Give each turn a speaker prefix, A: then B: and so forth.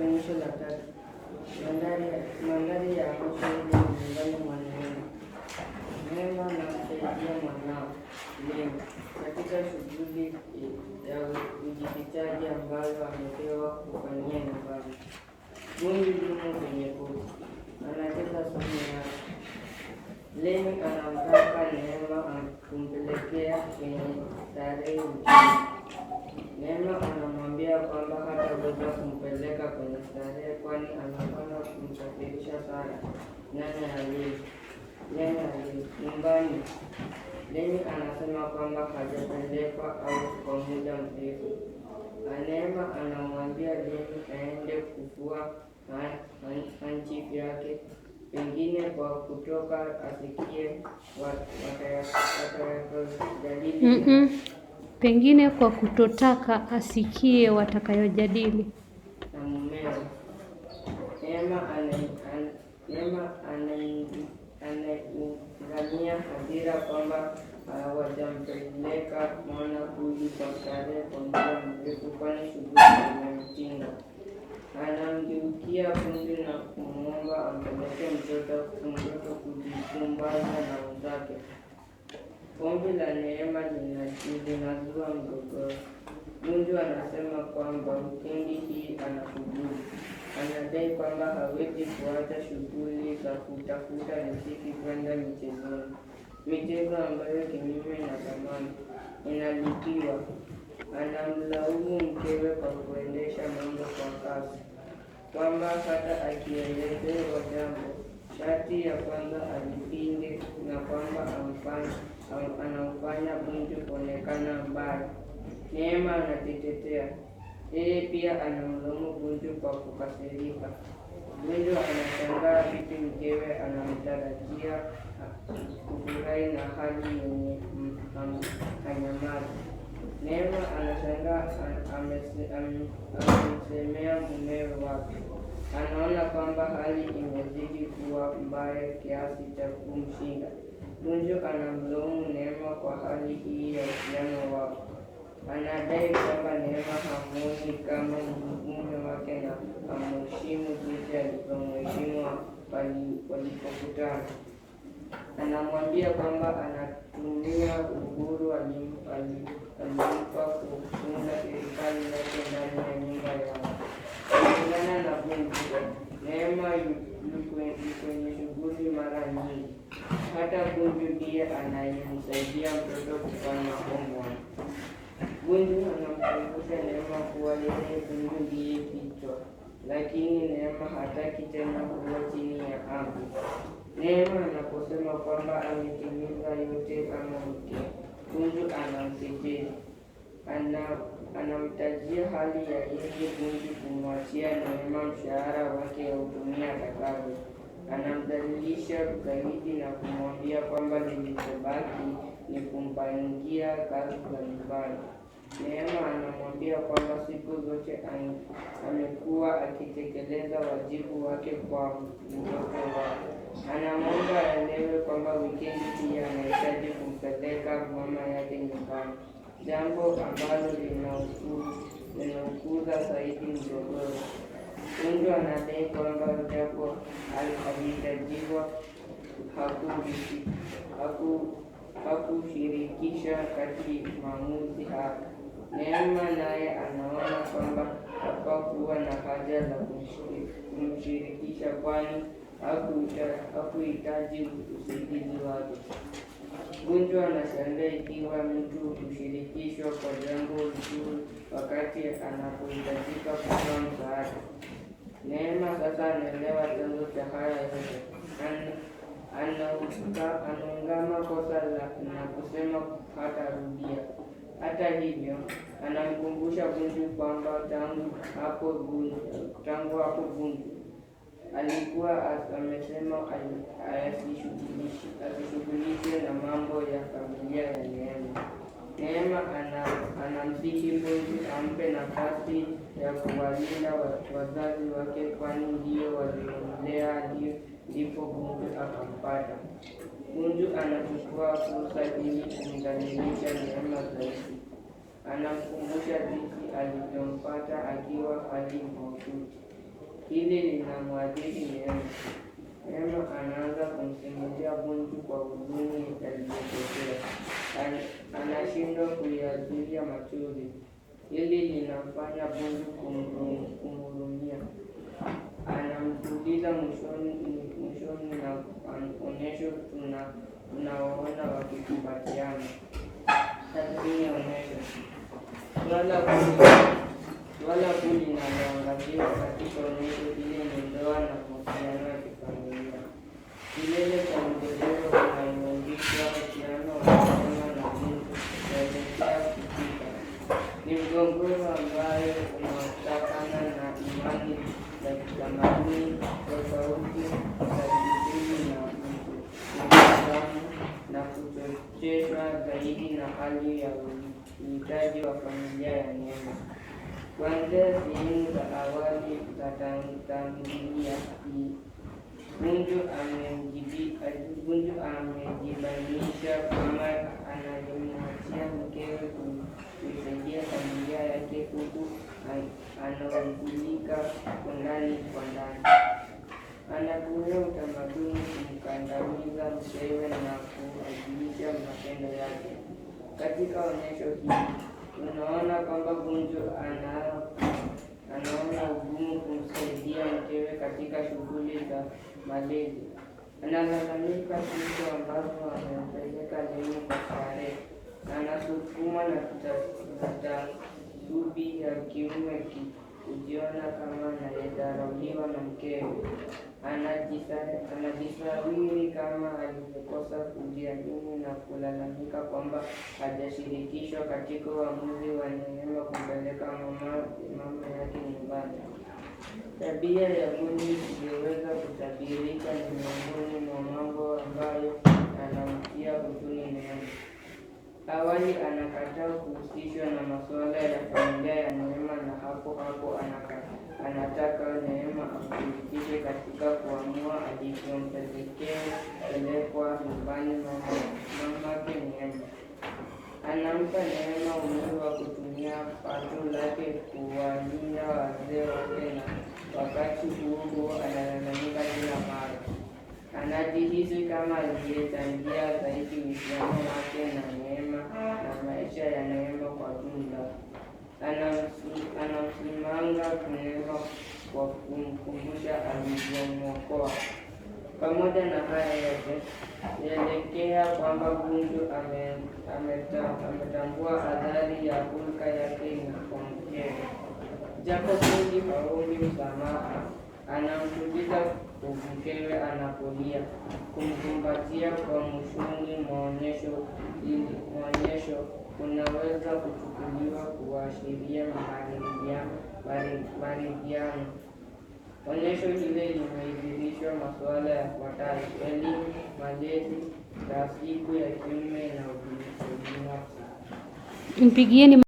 A: Financial Doctor, Mandari Akoshiri Mandal Mandan. Name on Nasaiya Manna, Name, katika shughuli ya ujifichaji ambayo amepewa kufanyia nyumbani. Gungi limo kwenye koti, anacheza sumu yake. Leni anamtaka Neema kumpelekea kwenye starehe mchana. kumpeleka kwenye starehe, kwani anapanga kumsafirisha sana nyanya ya Lea nyumbani. Leni anasema kwamba hajapelekwa au kwa muda mrefu. aneema anamwambia Leni aende kufua hanchi yake, pengine kwa kutoka asikie watakayojadili.
B: Pengine kwa kutotaka asikie watakayojadili
A: na mumewe. Neema anaingania hadhira kwamba hawajampeleka ah, mwana huyu kwa starehe kwa muda mrefu, kwani shughuli zimemtinga. Anamgeukia fundi na kumwomba ampeleke mtoto kujipumbaza na wenzake. Ombi la Neema linazua mgogoro. Mungu anasema kwamba mkundi hii anasubutu. Anadai kwamba hawezi kuacha shughuli za kutafuta riziki kwenda michezoni, michezo ambayo kinyume na zamani inalipiwa. Anamlaumu mkewe kwa kuendesha mambo kwa kasi, kwamba hata akielezewa jambo sharti ya kwanza alipinge, na kwamba anamfanya Bunju kuonekana mbaya. Neema anajitetea yeye, pia anamlaumu Gunju kwa kukasirika. Gunju anashangaa vipi mkewe anamtarajia kufurahi na hali yenye kanyamazi Neema anashangaa amemsemea mumewe wake, anaona kwamba hali imezidi kuwa mbaya kiasi cha kumshinda. Gunju anamlaumu Neema kwa hali hii ya uhusiano wao anadai kwamba Neema hamuoni kama mume wake na hamheshimu jinsi alivyomheshimu walipokutana. Anamwambia kwamba anatumia uhuru alimpa kuunda serikali yake ndani ya nyumba yao. Kulingana na Bunju, Neema ni kwenye shughuli mara nyingi, hata Bunju ndiye anayemsaidia mtoto kufanya homework. Mungu anampunguza Neema kuwa yeye Mungu ndiye kichwa, lakini Neema hataki tena kuwa chini ya amri. Neema anaposema kwamba ametimiza yote kama mke Mungu anamtetezi, anamtajia hali ya yeye Mungu kumwachia Neema mshahara wake utumia atakavyo. Anamdhalilisha zaidi na kumwambia kwamba lilizobaki akaingia kazi za nyumbani. Neema anamwambia kwamba siku zote amekuwa akitekeleza wajibu wake kwa mtoto wake. Anamwomba aelewe kwamba wikendi pia anahitaji kumpeleka mama yake nyumbani, jambo ambalo linaukuza zaidi mgogoro. Tundu anadai kwamba japo alihitajiwa haku hakushirikisha kati maamuzi haya. Neema naye anaona kwamba hapakuwa na haja za kumshirikisha, kwani hakuhitaji usaidizi wake. Gunjwa anashangaa ikiwa mtu hushirikishwa kwa jambo zuri wakati anapohitajika kutoa msaada. Neema sasa anaelewa chanzo cha haya yote anaungama kosa na kusema rudia Hata hivyo, anamkumbusha Gunju kwamba tangu hapo tangu hapo Gunju alikuwa amesema asishughulike na mambo ya familia ya Neema. Neema anamsihi Gunju ampe nafasi na kuwalinda wazazi wake, kwani ndio walimlea, ndipo Mungu akampata. Mungu anachukua fursa ili kumdhalilisha neema zaidi. Anamkumbusha dhiki alivyompata akiwa hali mahututi. Hili linamwadhiri neema. Neema anaanza kumsimulia gunju kwa huzuni aliyopotea, anashindwa kuyazuia machozi. Hili linamfanya bundu kumhurumia, anamtuliza mwishoni na onyesho tunaoona wakikumbatiana. Tathmini ya onyesho. Swala kuu linaloangaziwa katika onyesho hili ni ndoa na mahusiano ya kifamilia. Kilele cha migogoro ambayo inatokana na imani za kitamaduni tofauti za kidini na binadamu na kuchocheshwa zaidi na hali ya uhitaji wa familia ya neema. Kuanzia sehemu za awali za tamthilia hii, Gunju amejibainisha kwamba analimwachia mkewe kuisaidia familia yake huku anaugulika kwa ndani kwa ndani. Anatumia utamaduni kumkandamiza mkewe na kuajilisha matendo yake. Katika onyesho hili tunaona kwamba Gunju anaona ugumu kumsaidia mkewe katika shughuli za malezi. Analalamika vitu ambavyo amempeleka elimu kwa starehe anasukuma na dubi ya kiume kujiona kama anayedharauliwa na mkewe, anajisawiri kama alivyokosa kujiamini na kulalamika kwamba hajashirikishwa katika uamuzi wa Neema kumpeleka mama yake nyumbani. Tabia ya Guni isiyoweza kutabirika ni miongoni mwa mambo ambayo awali anakataa kuhusishwa na masuala ya familia ya Neema na hapo hapo anataka Neema amshirikishe katika kuamua alivyompelekea pelekwa nyumbani mama anamsimanga kuneva kwa kumkumbusha alivyomwokoa. Pamoja na haya yote, yaelekea kwamba Gunju ametambua adhari ya hulka yake inakomkewe. Japo Gunji haombi msamaha, anamtuliza mkewe anapolia, kumkumbatia kwa mwishoni mwaonyesho kunaweza kuchukuliwa kuashiria maridhiano. Onyesho hili limeidhinishwa masuala yafuatayo: elimu, malezi, tasibu
B: ya kiume na ubinafsi. Mpigieni